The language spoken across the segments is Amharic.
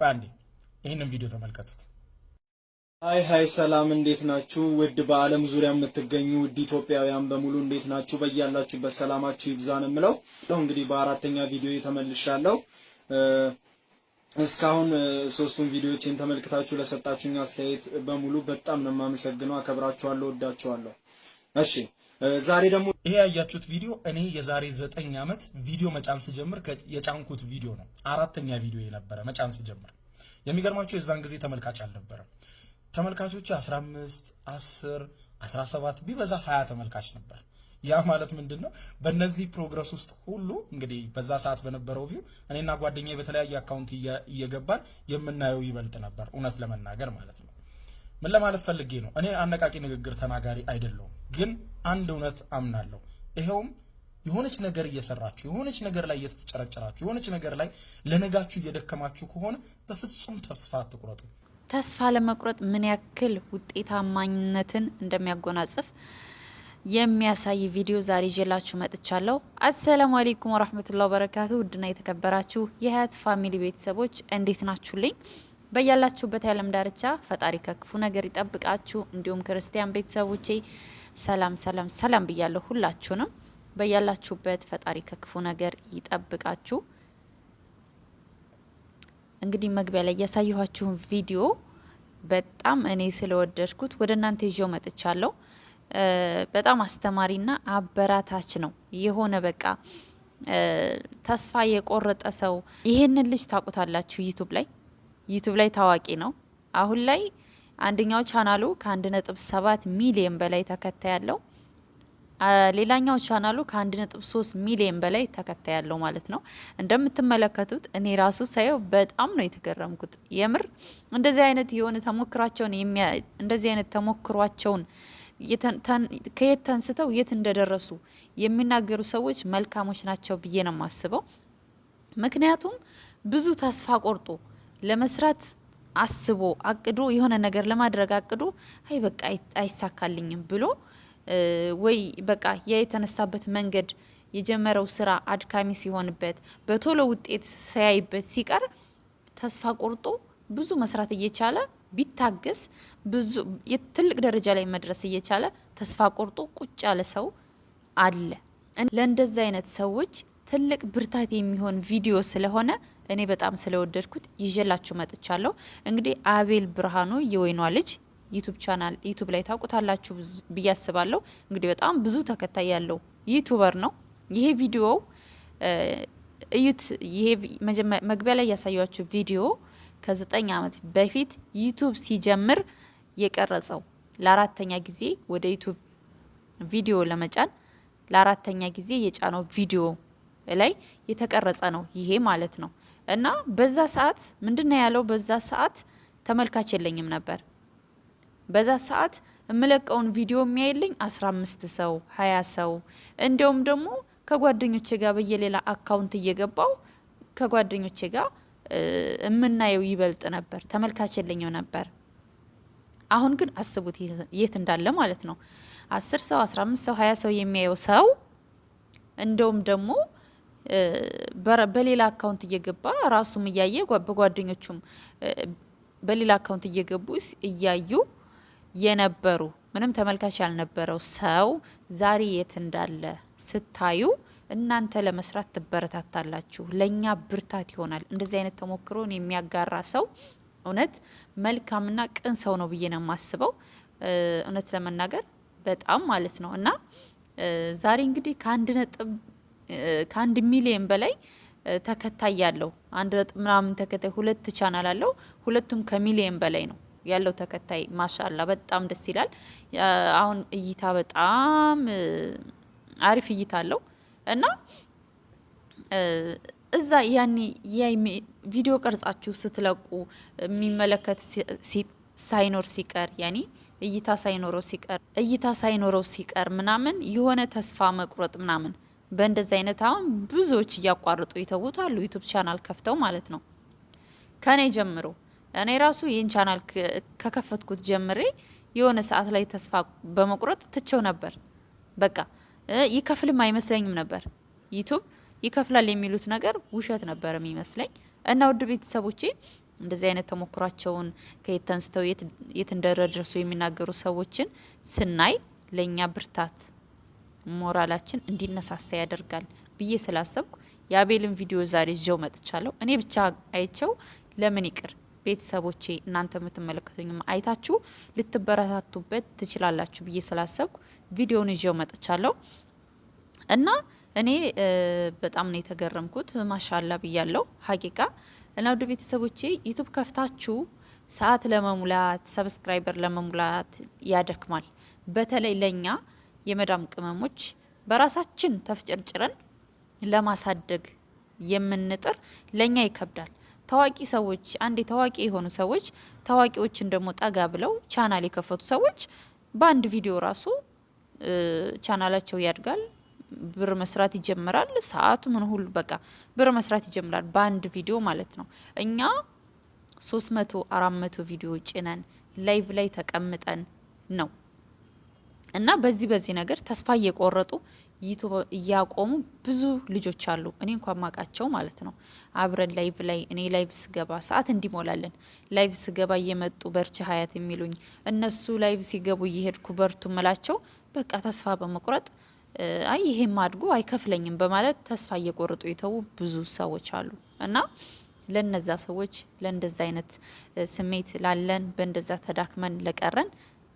ቆይ አንዴ ይህንን ቪዲዮ ተመልከቱት። አይ ሀይ ሰላም፣ እንዴት ናችሁ? ውድ በዓለም ዙሪያ የምትገኙ ውድ ኢትዮጵያውያን በሙሉ እንዴት ናችሁ? በያላችሁበት ሰላማችሁ ይብዛ ነው የምለው። እንግዲህ በአራተኛ ቪዲዮ ተመልሻለሁ። እስካሁን ሶስቱን ቪዲዮዎችን ተመልክታችሁ ለሰጣችሁኝ አስተያየት በሙሉ በጣም ነው የማመሰግነው። አከብራችኋለሁ፣ ወዳችኋለሁ። እሺ ዛሬ ደግሞ ይሄ ያያችሁት ቪዲዮ እኔ የዛሬ ዘጠኝ ዓመት ቪዲዮ መጫን ስጀምር የጫንኩት ቪዲዮ ነው። አራተኛ ቪዲዮ የነበረ መጫን ስጀምር የሚገርማችሁ የዛን ጊዜ ተመልካች አልነበረም። ተመልካቾቹ 15፣ 10፣ 17 ቢበዛ 20 ተመልካች ነበር። ያ ማለት ምንድን ነው? በእነዚህ ፕሮግረስ ውስጥ ሁሉ እንግዲህ በዛ ሰዓት በነበረው ቪው እኔና ጓደኛ በተለያየ አካውንት እየገባን የምናየው ይበልጥ ነበር እውነት ለመናገር ማለት ነው። ምን ለማለት ፈልጌ ነው? እኔ አነቃቂ ንግግር ተናጋሪ አይደለሁም፣ ግን አንድ እውነት አምናለሁ። ይኸውም የሆነች ነገር እየሰራችሁ የሆነች ነገር ላይ እየተጨረጨራችሁ የሆነች ነገር ላይ ለነጋችሁ እየደከማችሁ ከሆነ በፍጹም ተስፋ አትቁረጡ። ተስፋ ለመቁረጥ ምን ያክል ውጤታማነትን እንደሚያጎናጽፍ የሚያሳይ ቪዲዮ ዛሬ ይዤላችሁ መጥቻለሁ። አሰላሙ አሌይኩም ወራህመቱላሂ ወበረካቱ። ውድና የተከበራችሁ የሀያት ፋሚሊ ቤተሰቦች እንዴት ናችሁልኝ? በያላችሁበት የዓለም ዳርቻ ፈጣሪ ከክፉ ነገር ይጠብቃችሁ። እንዲሁም ክርስቲያን ቤተሰቦቼ ሰላም ሰላም ሰላም ብያለሁ። ሁላችሁንም በያላችሁበት ፈጣሪ ከክፉ ነገር ይጠብቃችሁ። እንግዲህ መግቢያ ላይ ያሳየኋችሁን ቪዲዮ በጣም እኔ ስለወደድኩት ወደ እናንተ ይዤው መጥቻለሁ። በጣም አስተማሪና አበራታች ነው። የሆነ በቃ ተስፋ የቆረጠ ሰው ይሄንን ልጅ ታውቁታላችሁ ዩቱብ ላይ ዩቱብ ላይ ታዋቂ ነው። አሁን ላይ አንደኛው ቻናሉ ከአንድ ነጥብ ሰባት ሚሊየን በላይ ተከታይ ያለው ሌላኛው ቻናሉ ከአንድ ነጥብ ሶስት ሚሊየን በላይ ተከታይ ያለው ማለት ነው። እንደምትመለከቱት እኔ ራሱ ሳየው በጣም ነው የተገረምኩት። የምር እንደዚህ አይነት የሆነ ተሞክራቸውን እንደዚህ አይነት ተሞክሯቸውን ከየት ተንስተው የት እንደደረሱ የሚናገሩ ሰዎች መልካሞች ናቸው ብዬ ነው የማስበው። ምክንያቱም ብዙ ተስፋ ቆርጦ ለመስራት አስቦ አቅዶ የሆነ ነገር ለማድረግ አቅዶ አይ በቃ አይሳካልኝም ብሎ ወይ በቃ ያ የተነሳበት መንገድ የጀመረው ስራ አድካሚ ሲሆንበት በቶሎ ውጤት ሳያይበት ሲቀር ተስፋ ቆርጦ ብዙ መስራት እየቻለ ቢታገስ ብዙ ትልቅ ደረጃ ላይ መድረስ እየቻለ ተስፋ ቆርጦ ቁጭ ያለ ሰው አለ። ለእንደዚህ አይነት ሰዎች ትልቅ ብርታት የሚሆን ቪዲዮ ስለሆነ እኔ በጣም ስለወደድኩት ይዤላችሁ መጥቻለሁ። እንግዲህ አቤል ብርሃኑ የወይኗ ልጅ ዩቱብ ቻናል ዩቱብ ላይ ታውቁታላችሁ ብዬ አስባለሁ። እንግዲህ በጣም ብዙ ተከታይ ያለው ዩቱበር ነው። ይሄ ቪዲዮ እዩት። ይሄ መግቢያ ላይ ያሳያችሁ ቪዲዮ ከዘጠኝ ዓመት በፊት ዩቱብ ሲጀምር የቀረጸው ለአራተኛ ጊዜ ወደ ዩቱብ ቪዲዮ ለመጫን ለአራተኛ ጊዜ የጫነው ቪዲዮ ላይ የተቀረጸ ነው ይሄ ማለት ነው። እና በዛ ሰዓት ምንድን ነው ያለው? በዛ ሰዓት ተመልካች የለኝም ነበር። በዛ ሰዓት የምለቀውን ቪዲዮ የሚያይልኝ አስራ አምስት ሰው ሀያ ሰው እንዲሁም ደግሞ ከጓደኞቼ ጋር በየሌላ አካውንት እየገባው ከጓደኞቼ ጋር የምናየው ይበልጥ ነበር። ተመልካች የለኝም ነበር። አሁን ግን አስቡት የት እንዳለ ማለት ነው። አስር ሰው አስራ አምስት ሰው ሀያ ሰው የሚያየው ሰው እንደውም ደግሞ በሌላ አካውንት እየገባ ራሱም እያየ በጓደኞቹም በሌላ አካውንት እየገቡ እያዩ የነበሩ ምንም ተመልካች ያልነበረው ሰው ዛሬ የት እንዳለ ስታዩ እናንተ ለመስራት ትበረታታላችሁ። ለእኛ ብርታት ይሆናል። እንደዚህ አይነት ተሞክሮን የሚያጋራ ሰው እውነት መልካምና ቅን ሰው ነው ብዬ ነው የማስበው። እውነት ለመናገር በጣም ማለት ነው እና ዛሬ እንግዲህ ከአንድ ነጥብ ከአንድ ሚሊየን በላይ ተከታይ ያለው አንድ ነጥብ ምናምን ተከታይ ሁለት ቻናል አለው። ሁለቱም ከሚሊየን በላይ ነው ያለው ተከታይ። ማሻላ በጣም ደስ ይላል። አሁን እይታ በጣም አሪፍ እይታ አለው እና እዛ ያኔ ቪዲዮ ቀርጻችሁ ስትለቁ የሚመለከት ሳይኖር ሲቀር ያኔ እይታ ሳይኖረው ሲቀር እይታ ሳይኖረው ሲቀር ምናምን የሆነ ተስፋ መቁረጥ ምናምን በእንደዚህ አይነት አሁን ብዙዎች እያቋርጡ የተዉት አሉ። ዩቱብ ቻናል ከፍተው ማለት ነው። ከኔ ጀምሮ እኔ ራሱ ይህን ቻናል ከከፈትኩት ጀምሬ የሆነ ሰዓት ላይ ተስፋ በመቁረጥ ትቸው ነበር። በቃ ይከፍልም አይመስለኝም ነበር ዩቱብ ይከፍላል የሚሉት ነገር ውሸት ነበር የሚመስለኝ። እና ውድ ቤተሰቦቼ እንደዚህ አይነት ተሞክሯቸውን ከየት ተንስተው የት እንደደረሱ የሚናገሩ ሰዎችን ስናይ ለእኛ ብርታት ሞራላችን እንዲነሳሳ ያደርጋል ብዬ ስላሰብኩ የአቤልን ቪዲዮ ዛሬ ይዤው መጥቻለሁ። እኔ ብቻ አይቸው ለምን ይቅር ቤተሰቦቼ እናንተ የምትመለከቱኝም አይታችሁ ልትበረታቱበት ትችላላችሁ ብዬ ስላሰብኩ ቪዲዮውን ይዤው መጥቻለሁ እና እኔ በጣም ነው የተገረምኩት። ማሻላ ብያለው ሀቂቃ እና ውድ ቤተሰቦቼ ዩቱብ ከፍታችሁ ሰዓት ለመሙላት ሰብስክራይበር ለመሙላት ያደክማል። በተለይ ለእኛ የመዳም ቅመሞች በራሳችን ተፍጨርጭረን ለማሳደግ የምንጥር ለእኛ ይከብዳል። ታዋቂ ሰዎች አንዴ ታዋቂ የሆኑ ሰዎች ታዋቂዎችን ደግሞ ጠጋ ብለው ቻናል የከፈቱ ሰዎች በአንድ ቪዲዮ ራሱ ቻናላቸው ያድጋል፣ ብር መስራት ይጀምራል። ሰዓቱ ምን ሁሉ በቃ ብር መስራት ይጀምራል፣ በአንድ ቪዲዮ ማለት ነው። እኛ ሶስት መቶ አራት መቶ ቪዲዮ ጭነን ላይቭ ላይ ተቀምጠን ነው እና በዚህ በዚህ ነገር ተስፋ እየቆረጡ ዩቱብ እያቆሙ ብዙ ልጆች አሉ። እኔ እንኳን ማቃቸው ማለት ነው። አብረን ላይቭ ላይ እኔ ላይቭ ስገባ ሰዓት እንዲሞላለን ላይቭ ስገባ እየመጡ በርች ሀያት የሚሉኝ እነሱ ላይቭ ሲገቡ እየሄድኩ በርቱ ምላቸው በቃ ተስፋ በመቁረጥ አይ ይሄም አድጎ አይከፍለኝም በማለት ተስፋ እየቆረጡ የተዉ ብዙ ሰዎች አሉ እና ለነዛ ሰዎች ለእንደዛ አይነት ስሜት ላለን በእንደዛ ተዳክመን ለቀረን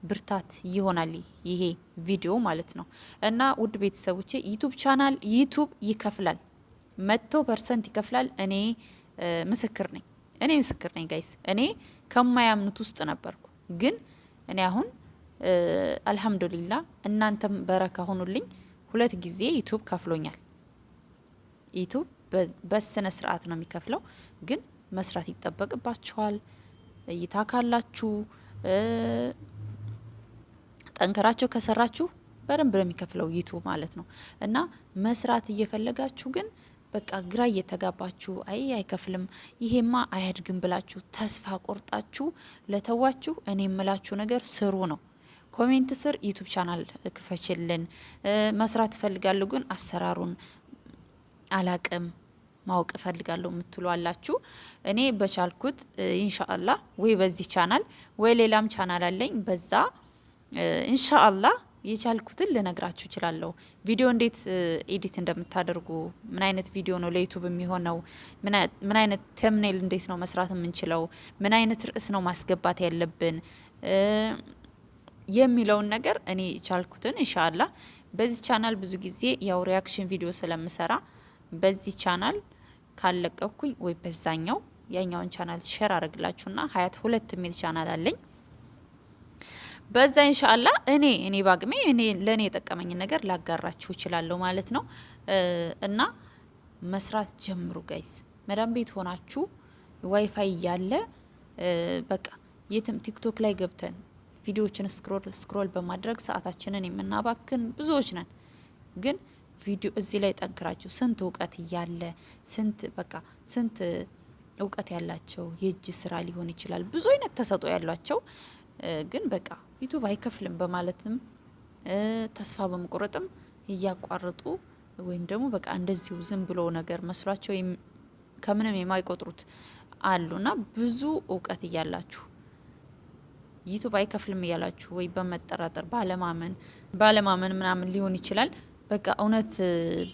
ብርታት ይሆናል ይሄ ቪዲዮ ማለት ነው። እና ውድ ቤተሰቦቼ ዩቱብ ቻናል ዩቱብ ይከፍላል፣ መቶ ፐርሰንት ይከፍላል። እኔ ምስክር ነኝ፣ እኔ ምስክር ነኝ ጋይስ። እኔ ከማያምኑት ውስጥ ነበርኩ፣ ግን እኔ አሁን አልሐምዱሊላ እናንተም በረካ ሆኑልኝ። ሁለት ጊዜ ዩቱብ ከፍሎኛል። ዩቱብ በስነ ስርዓት ነው የሚከፍለው፣ ግን መስራት ይጠበቅባችኋል። እይታ ካላችሁ ጠንከራችሁ ከሰራችሁ በደንብ ነው የሚከፍለው ይቱ ማለት ነው። እና መስራት እየፈለጋችሁ ግን በቃ ግራ እየተጋባችሁ አይ አይከፍልም፣ ይሄማ አያድግም ብላችሁ ተስፋ ቆርጣችሁ ለተዋችሁ እኔ የምላችሁ ነገር ስሩ ነው። ኮሜንት ስር ዩቱብ ቻናል ክፈችልን፣ መስራት እፈልጋለሁ ግን አሰራሩን አላቅም ማወቅ እፈልጋለሁ የምትሉ አላችሁ። እኔ በቻልኩት ኢንሻአላህ ወይ በዚህ ቻናል ወይ ሌላም ቻናል አለኝ በዛ ኢንሻአላህ የቻልኩትን ልነግራችሁ እችላለሁ። ቪዲዮ እንዴት ኤዲት እንደምታደርጉ፣ ምን አይነት ቪዲዮ ነው ለዩቱብ የሚሆነው፣ ምን አይነት ተምኔል እንዴት ነው መስራት የምንችለው፣ ምን አይነት ርዕስ ነው ማስገባት ያለብን የሚለውን ነገር እኔ የቻልኩትን ኢንሻአላህ በዚህ ቻናል ብዙ ጊዜ ያው ሪያክሽን ቪዲዮ ስለምሰራ በዚህ ቻናል ካለቀኩኝ ወይ በዛኛው ያኛውን ቻናል ሼር አድርግላችሁና ሀያት ሁለት የሚል ቻናል አለኝ በዛ ኢንሻአላ እኔ እኔ ባግሜ እኔ ለእኔ የጠቀመኝን ነገር ላጋራችሁ እችላለሁ ማለት ነው። እና መስራት ጀምሩ ጋይስ። መዳም ቤት ሆናችሁ ዋይፋይ እያለ በቃ የትም ቲክቶክ ላይ ገብተን ቪዲዮዎችን ስክሮል ስክሮል በማድረግ ሰዓታችንን የምናባክን ብዙዎች ነን። ግን ቪዲዮ እዚህ ላይ ጠንክራችሁ ስንት እውቀት እያለ ስንት በቃ ስንት እውቀት ያላቸው የእጅ ስራ ሊሆን ይችላል ብዙ አይነት ተሰጦ ያሏቸው ግን በቃ ዩቱብ አይከፍልም በማለትም ተስፋ በመቁረጥም እያቋረጡ ወይም ደግሞ በቃ እንደዚሁ ዝም ብሎ ነገር መስሏቸው ከምንም የማይቆጥሩት አሉና ብዙ እውቀት እያላችሁ ዩቱብ አይከፍልም እያላችሁ ወይ በመጠራጠር ባለማመን ባለማመን ምናምን ሊሆን ይችላል። በቃ እውነት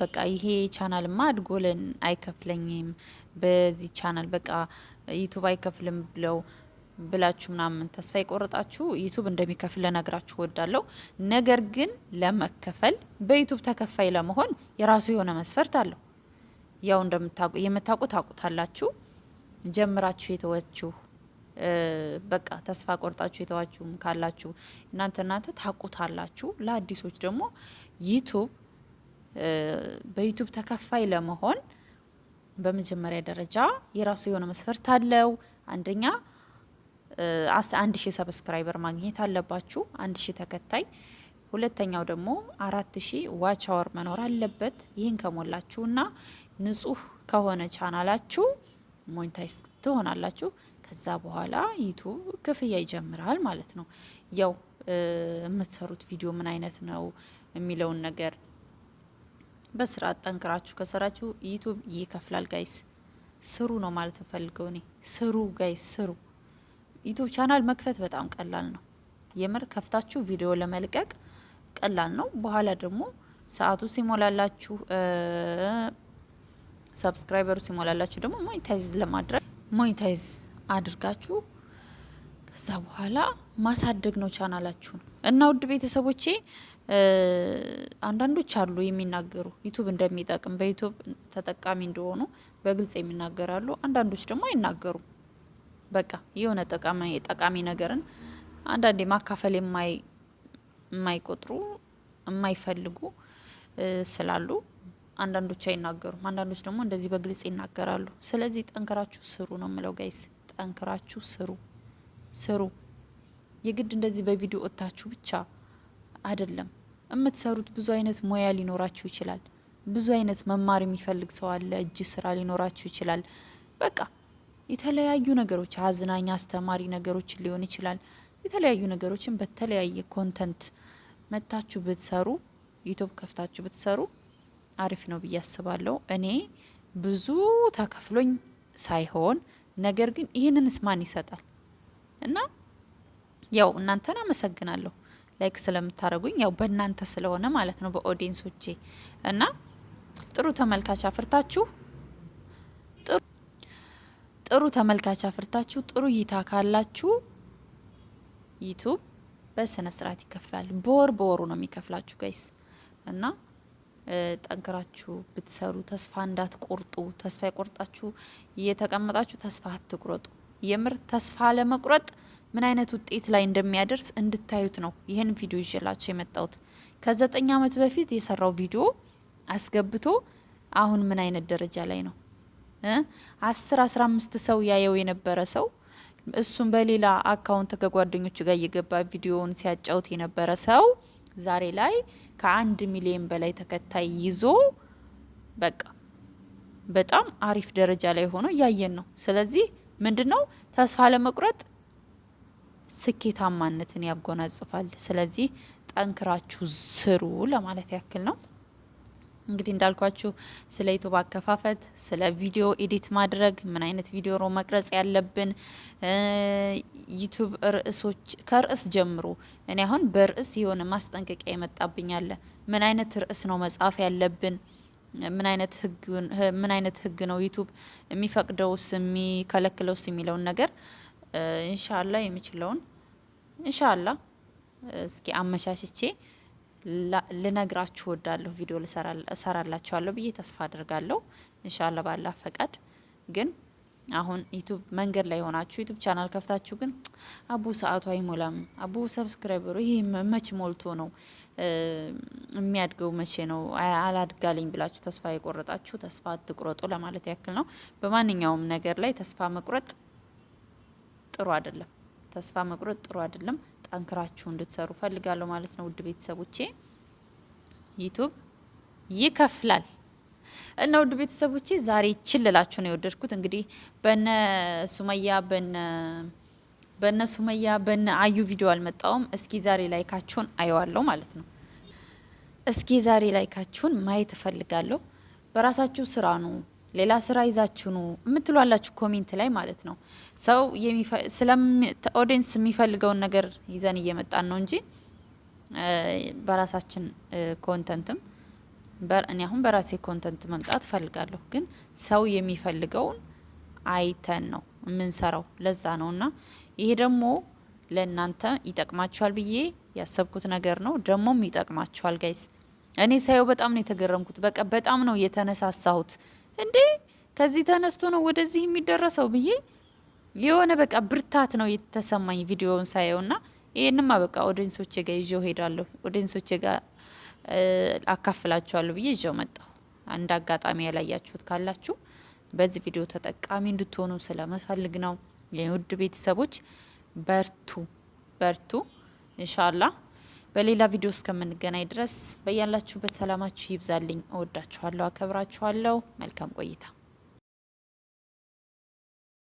በቃ ይሄ ቻናልማ አድጎልን አይከፍለኝም፣ በዚህ ቻናል በቃ ዩቱብ አይከፍልም ብለው ብላችሁ ምናምን ተስፋ የቆረጣችሁ ዩቱብ እንደሚከፍል ለነግራችሁ ወዳለሁ። ነገር ግን ለመከፈል በዩቱብ ተከፋይ ለመሆን የራሱ የሆነ መስፈርት አለው። ያው የምታውቁ ታውቁታላችሁ። ጀምራችሁ የተወችሁ በቃ ተስፋ ቆርጣችሁ የተዋችሁም ካላችሁ እናንተ እናንተ ታውቁታላችሁ። ለአዲሶች ደግሞ ዩቱብ በዩቱብ ተከፋይ ለመሆን በመጀመሪያ ደረጃ የራሱ የሆነ መስፈርት አለው። አንደኛ አንድ ሺህ ሰብስክራይበር ማግኘት አለባችሁ። አንድ ሺህ ተከታይ ሁለተኛው ደግሞ አራት ሺህ ዋች አወር መኖር አለበት። ይህን ከሞላችሁ እና ንጹህ ከሆነ ቻናላችሁ ሞኒታይዝ ትሆናላችሁ። ከዛ በኋላ ዩቱብ ክፍያ ይጀምራል ማለት ነው። ያው የምትሰሩት ቪዲዮ ምን አይነት ነው የሚለውን ነገር በስርዓት ጠንክራችሁ ከሰራችሁ ዩቱብ ይከፍላል። ጋይስ ስሩ ነው ማለት ፈልገው እኔ ስሩ፣ ጋይስ ስሩ። ዩቱብ ቻናል መክፈት በጣም ቀላል ነው። የምር ከፍታችሁ ቪዲዮ ለመልቀቅ ቀላል ነው። በኋላ ደግሞ ሰዓቱ ሲሞላላችሁ፣ ሰብስክራይበሩ ሲሞላላችሁ ደግሞ ሞኔታይዝ ለማድረግ ሞኒታይዝ አድርጋችሁ ከዛ በኋላ ማሳደግ ነው ቻናላችሁን። እና ውድ ቤተሰቦቼ አንዳንዶች አሉ የሚናገሩ ዩቱብ እንደሚጠቅም በዩቱብ ተጠቃሚ እንደሆኑ በግልጽ የሚናገራሉ። አንዳንዶች ደግሞ አይናገሩም። በቃ የሆነ ጠቃሚ ነገርን አንዳንዴ ማካፈል የማይቆጥሩ የማይፈልጉ ስላሉ አንዳንዶች አይናገሩም። አንዳንዶች ደግሞ እንደዚህ በግልጽ ይናገራሉ። ስለዚህ ጠንክራችሁ ስሩ ነው የምለው ጋይስ፣ ጠንክራችሁ ስሩ ስሩ። የግድ እንደዚህ በቪዲዮ እታችሁ ብቻ አይደለም የምትሰሩት። ብዙ አይነት ሙያ ሊኖራችሁ ይችላል። ብዙ አይነት መማር የሚፈልግ ሰው አለ። እጅ ስራ ሊኖራችሁ ይችላል። በቃ የተለያዩ ነገሮች አዝናኝ፣ አስተማሪ ነገሮች ሊሆን ይችላል። የተለያዩ ነገሮችን በተለያየ ኮንተንት መታችሁ ብትሰሩ ዩቱብ ከፍታችሁ ብትሰሩ አሪፍ ነው ብዬ አስባለሁ። እኔ ብዙ ተከፍሎኝ ሳይሆን ነገር ግን ይህንን ስማን ይሰጣል እና ያው እናንተን አመሰግናለሁ ላይክ ስለምታደርጉኝ ያው በእናንተ ስለሆነ ማለት ነው በኦዲየንሶቼ እና ጥሩ ተመልካች አፍርታችሁ ጥሩ ተመልካች አፍርታችሁ ጥሩ እይታ ካላችሁ ዩቱብ በስነ ስርዓት ይከፍላል። በወር በወሩ ነው የሚከፍላችሁ ጋይስ እና ጠንክራችሁ ብትሰሩ ተስፋ እንዳትቆርጡ። ተስፋ የቆርጣችሁ እየተቀመጣችሁ ተስፋ አትቁረጡ። የምር ተስፋ ለመቁረጥ ምን አይነት ውጤት ላይ እንደሚያደርስ እንድታዩት ነው ይህን ቪዲዮ ይዤላቸው የመጣሁት። ከዘጠኝ አመት በፊት የሰራው ቪዲዮ አስገብቶ አሁን ምን አይነት ደረጃ ላይ ነው አስር አስራ አምስት ሰው ያየው የነበረ ሰው እሱም በሌላ አካውንት ከጓደኞቹ ጋር እየገባ ቪዲዮውን ሲያጫውት የነበረ ሰው ዛሬ ላይ ከአንድ ሚሊዮን በላይ ተከታይ ይዞ በቃ በጣም አሪፍ ደረጃ ላይ ሆኖ እያየን ነው። ስለዚህ ምንድን ነው ተስፋ ለመቁረጥ ስኬታማነትን ያጎናጽፋል። ስለዚህ ጠንክራችሁ ስሩ ለማለት ያክል ነው። እንግዲህ እንዳልኳችሁ ስለ ዩቱብ አከፋፈት፣ ስለ ቪዲዮ ኤዲት ማድረግ፣ ምን አይነት ቪዲዮ ነው መቅረጽ ያለብን፣ ዩቱብ ርዕሶች ከርዕስ ጀምሮ እኔ አሁን በርዕስ የሆነ ማስጠንቀቂያ አለ። ምን አይነት ርዕስ ነው መጻፍ ያለብን? ምን አይነት ህግ ነው ዩቱብ የሚፈቅደውስ የሚከለክለውስ የሚለውን ነገር ኢንሻአላህ የምችለውን ኢንሻአላህ እስኪ አመቻችቼ ልነግራችሁ ወዳለሁ ቪዲዮ እሰራላችኋለሁ ብዬ ተስፋ አድርጋለሁ። እንሻላ ባላ ፈቃድ ግን አሁን ዩቱብ መንገድ ላይ ሆናችሁ ዩቱብ ቻናል ከፍታችሁ ግን አቡ ሰዓቱ አይሞላም፣ አቡ ሰብስክራይበሩ ይህ መች ሞልቶ ነው የሚያድገው መቼ ነው አላድጋለኝ ብላችሁ ተስፋ የቆረጣችሁ ተስፋ አትቁረጡ ለማለት ያክል ነው። በማንኛውም ነገር ላይ ተስፋ መቁረጥ ጥሩ አይደለም። ተስፋ መቁረጥ ጥሩ አይደለም። ጠንክራችሁ እንድትሰሩ ፈልጋለሁ ማለት ነው። ውድ ቤተሰቦቼ ዩቱብ ይከፍላል እና ውድ ቤተሰቦቼ ዛሬ ችልላችሁ ነው የወደድኩት። እንግዲህ በነ ሱመያ በነ በነ ሱመያ በነ አዩ ቪዲዮ አልመጣውም። እስኪ ዛሬ ላይካችሁን አየዋለሁ ማለት ነው። እስኪ ዛሬ ላይካችሁን ማየት እፈልጋለሁ። በራሳችሁ ስራ ነው ሌላ ስራ ይዛችሁ ነው የምትሏላችሁ ኮሜንት ላይ ማለት ነው። ሰው ስለኦዲንስ የሚፈልገውን ነገር ይዘን እየመጣን ነው እንጂ በራሳችን ኮንተንትም እኔ አሁን በራሴ ኮንተንት መምጣት እፈልጋለሁ፣ ግን ሰው የሚፈልገውን አይተን ነው የምንሰራው። ለዛ ነው እና ይሄ ደግሞ ለእናንተ ይጠቅማችኋል ብዬ ያሰብኩት ነገር ነው። ደግሞም ይጠቅማችኋል ጋይስ። እኔ ሳየው በጣም ነው የተገረምኩት። በቃ በጣም ነው የተነሳሳሁት። እንዴ ከዚህ ተነስቶ ነው ወደዚህ የሚደረሰው ብዬ የሆነ በቃ ብርታት ነው የተሰማኝ ቪዲዮውን ና ይህንማ በቃ ኦዲንሶቼ ጋር ይዤው ሄዳለሁ፣ ኦዲንሶቼ ጋር አካፍላችኋለሁ ብዬ ይዤው መጣሁ። አንድ አጋጣሚ ያላያችሁት ካላችሁ በዚህ ቪዲዮ ተጠቃሚ እንድትሆኑ ስለመፈልግ ነው። የውድ ቤተሰቦች በርቱ በርቱ፣ ኢንሻአላህ በሌላ ቪዲዮ እስከምንገናኝ ድረስ በያላችሁበት ሰላማችሁ ይብዛልኝ። እወዳችኋለሁ፣ አከብራችኋለሁ። መልካም ቆይታ